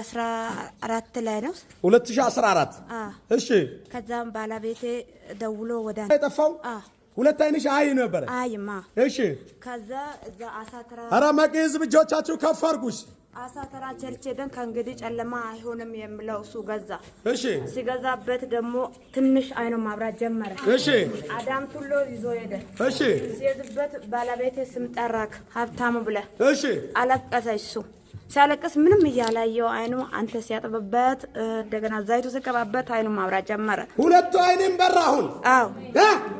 አስራ ላይ ነው 2014 ሺህ እሺ። ከዛም ባለቤቴ ደውሎ ወደ የጠፋው ሁለት አይንሽ አይ ነበረ አይማ። እሺ። ከዛ እዛ አሳተራ ኧረ መቂ ህዝብ እጆቻችሁ ከፍ አድርጉሽ። አሳትራ ቸርች ሄደን ከእንግዲህ ጨለማ አይሆንም የሚለው እሱ ገዛ። እሺ። ሲገዛበት ደግሞ ትንሽ አይኑ ማብራት ጀመረ። እሺ። አዳም ቱሎ ይዞ ሄደ። እሺ። ሲሄድበት ባለቤቴ ስም ጠራክ ሀብታሙ ብለ እሺ። አለቀሰ እሱ ሲያለቅስ ምንም እያላየው አይኑ አንተ ሲያጥብበት እንደገና ዛይቱ ሲቀባበት አይኑ ማብራት ጀመረ። ሁለቱ አይኔም በራ። አሁን አዎ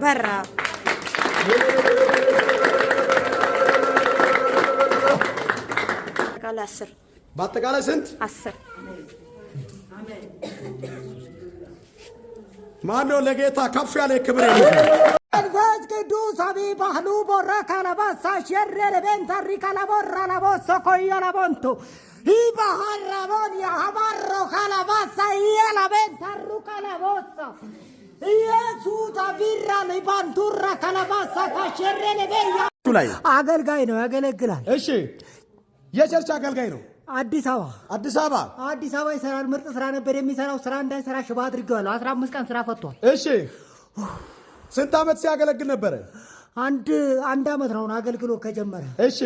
በራ። አስር በአጠቃላይ ስንት አስር ማነው ለጌታ ከፍ ያለ ክብር መንፈስ ቅዱስ አቢ ባህሉ ቦረ ካለባሳ ሸሬ ለቤን ታሪ ካላቦር አላቦሶ ኮዮ ላቦንቱ ይባሃራቦን የአባሮ ካላባሳ እየላቤን ታሩ ካላቦሶ ኢየሱስ አቢራ ለባንቱራ ካላባሳ ካሸሬ ለቤን አገልጋይ ነው ያገለግላል። እሺ የቸርች አገልጋይ ነው። አዲስ አበባ አዲስ አበባ አዲስ አበባ ይሰራል። ምርጥ ስራ ነበር የሚሰራው። ስራ እንዳይሰራ ሽባ አድርጌዋለሁ። አስራ አምስት ቀን ስራ ፈቷል። እሺ ስንት ዓመት ሲያገለግል ነበረ? አንድ አንድ ዓመት ነው አገልግሎት ከጀመረ። እሺ።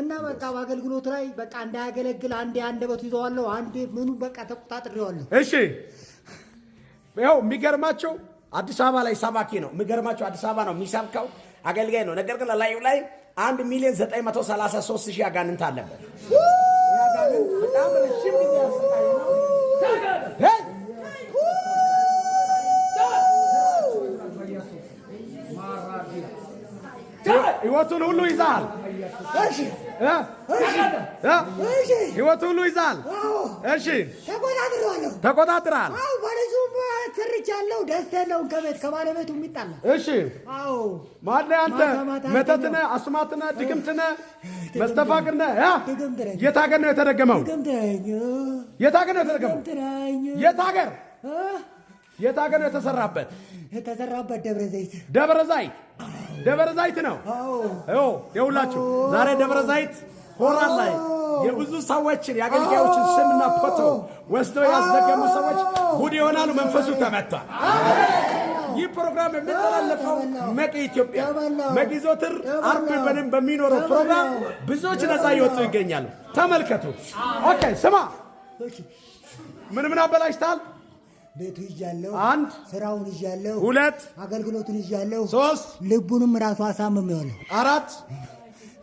እና በቃ በአገልግሎት ላይ በቃ እንዳያገለግል አንዴ አንደበቱ ይዘዋለሁ፣ አንዴ ምኑ በቃ ተቆጣጥሬዋለሁ። እሺ። ይኸው የሚገርማቸው አዲስ አበባ ላይ ሰባኪ ነው። የሚገርማቸው አዲስ አበባ ነው የሚሰብከው፣ አገልጋይ ነው። ነገር ግን ላዩ ላይ አንድ ሚሊዮን ዘጠኝ መቶ ሰላሳ ሶስት ሺህ አጋንንት አለበት። በጣም ህይወቱን ሁሉ ይዛል። እሺ ሁሉ ይዛል። እሺ ተቆጣጥሯለሁ፣ ተቆጣጥራል። አዎ ትርቻለሁ። ደስተ ነው ከቤት ከባለቤቱ የሚጣላ እሺ። ማለ አንተ መተትነ አስማትነ ድግምትነ መስተፋቅርነ የት ሀገር ነው የተደገመው? የት ሀገር ነው የተደገመው? የት ሀገር የት ሀገር ነው የተሰራበት? የተሰራበት ደብረ ዘይት ደብረ ዘይት ደብረ ዘይት ነው። አዎ ይኸውላችሁ ዛሬ ደብረ ዘይት ሆራ ላይ የብዙ ሰዎችን የአገልጋዮችን ስምና ፎቶ ወስደው ያዘገሙ ሰዎች ጉድ ይሆናሉ። መንፈሱ ተመቷል። ይህ ፕሮግራም የሚተላለፈው መቂ ኢትዮጵያ መጊዞትር አርብ በደም በሚኖረው ፕሮግራም ብዙዎች ነፃ እየወጡ ይገኛሉ። ተመልከቱ። ኦኬ ስማ፣ ምን ምን አበላሽታል? ቤቱ ይዣለሁ። አንድ ስራውን ይዣለሁ። ሁለት አገልግሎቱን ይዣለሁ። ሶስት ልቡንም ራሱ አሳምሜዋለሁ። አራት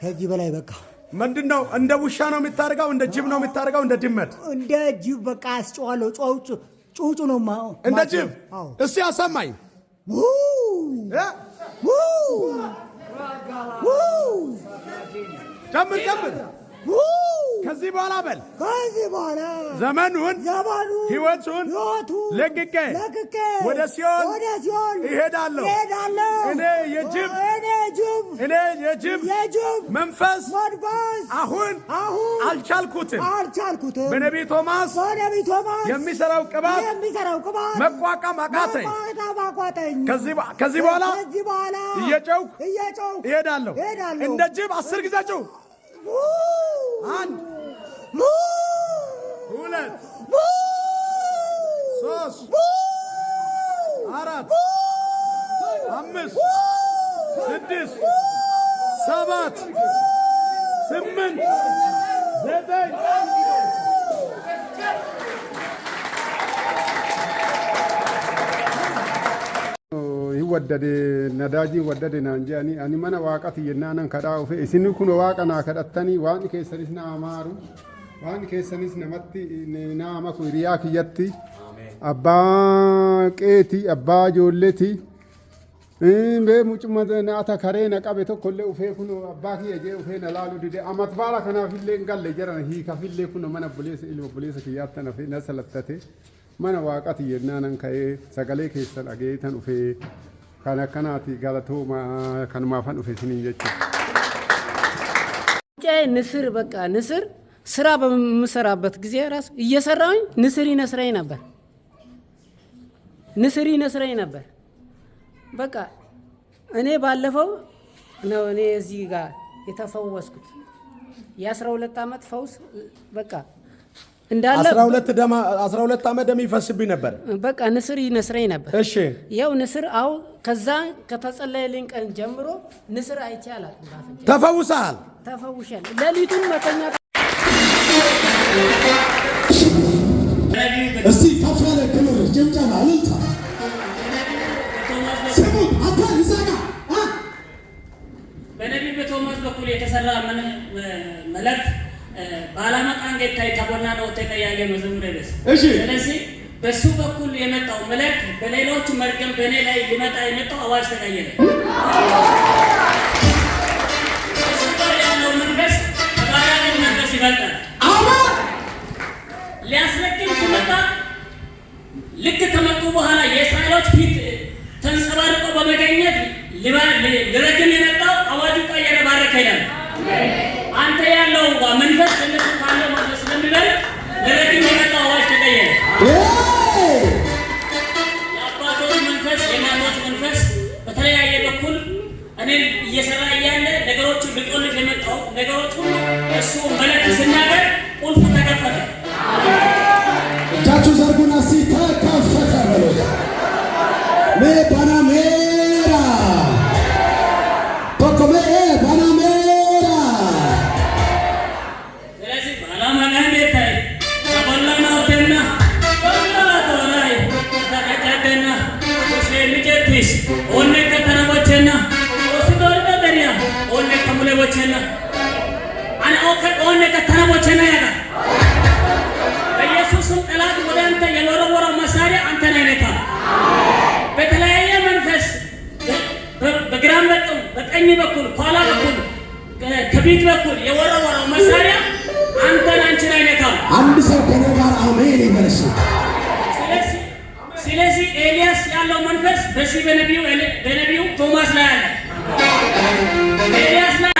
ከዚህ በላይ በቃ ምንድን ነው? እንደ ውሻ ነው የምታደርገው? እንደ ጅብ ነው የምታደርገው? እንደ ድመት? እንደ ጅብ በቃ አስጨዋለሁ። ጮውጭ ጩጩ ነው እንደ ጅብ። እስቲ አሰማኝ። ጨምር ጨምር ከዚህ በኋላ በል ከዚህ በኋላ ዘመኑን ዘመኑ ሕይወቱን ሕይወቱን ለቅቄ ለቅቄ ወደ ሲኦል ወደ ሲኦል እሄዳለሁ እሄዳለሁ እኔ የጅብ እኔ የጅብ እኔ የጅብ የጅብ መንፈስ መንፈስ አሁን አሁን አልቻልኩትም አልቻልኩትም በነቢይ ቶማስ በነቢይ ቶማስ የሚሰራው ቅባት የሚሰራው ቅባት መቋቋም አቃተኝ መቋቋም አቃተኝ ከዚህ ከዚህ በኋላ ከዚህ በኋላ እየጨውኩ እየጨውኩ እሄዳለሁ እሄዳለሁ እንደ ጅብ አስር ጊዜ ጨው ሶስት አራት አምስት ስድስት ሰባት ስምንት ዘጠኝ ይወደድ ነዳጂ ይወደድ ናንጂ አኒ አኒ መነ ዋቀት የናነን ከዳ ኡፌ እሲኒ ኩኖ ዋቀና ከዳተኒ ዋን ኬሰኒስ ናማሩ ዋን ኬሰኒስ ነመቲ ናማ ኩሪያ ክየቲ abbaa qeeti abbaa ijoolleeti bee mucuma naata karee na qabe tokkollee ufee kun abbaa kiyya jee ufee na laalu dide amat baala kanaafillee hin galle jiran hiikafillee kun mana obboleessa ilma obboleessa kiyyaatti na na salattate mana waaqati yennaanan ka'ee sagalee keessan dhageetan ufee kan akkanaati galatooma kanumaafan dhufe isiniin jechuudha. ንስር በቃ ንስር ስራ በምሰራበት ጊዜ ራሱ እየሰራሁኝ ንስር ይነስረኝ ነበር። ንስሪ ነስረኝ ነበር። በቃ እኔ ባለፈው ነው እኔ እዚህ ጋር የተፈወስኩት የአስራ ሁለት ዓመት ፈውስ በቃ እንዳለ ሁለት ዓመት ደም ይፈስብኝ ነበር። በቃ ንስር ይነስረኝ ነበር። እሺ ያው ንስር አው ከዛ ከተጸለየልኝ ቀን ጀምሮ ንስር አይቼ ተፈውሰሃል? ተፈውሻል። ሌሊቱን መተኛ እስቲ ከፍ ያለ ክብር ጭብጨባ ልልታ የተሰራ ምንም መልእክት ባላመጣ እንጌታይ ተቦና ነው ተቀያየ መዝሙር ደስ እሺ። ስለዚህ በሱ በኩል የመጣው መልእክት በሌሎች መርገም በእኔ ላይ ሊመጣ የመጣው አዋጅ ተቀየረ። እሱ መንፈስ ተባራሪ ሲመጣ ልክ ከመጡ በኋላ የእስራኤሎች ፊት ተንጸባርቆ በመገኘት ሊረግም የመጣው አዋጁ ቀየረ፣ ባረከ ይላል አንተ ያለው እንኳ መንፈስ ለነሱ ካለው ማለት ስለሚበል ለረጅም bochena ana oka onne katana bochena በኢየሱስም ጠላት ወደ አንተ የወረወረው መሳሪያ አንተን አይነካም። በተለያየ መንፈስ በግራም በቀኝ በቀኝ በኩል ከኋላ በኩል ከፊት በኩል የወረወረው መሳሪያ አንተን አንቺን አይነካም። አንድ ሰው ከኔ ጋር አሜን ይበለሽ። ስለዚህ ኤልያስ ያለው መንፈስ በሺህ በነቢዩ ቶማስ ላይ አለ።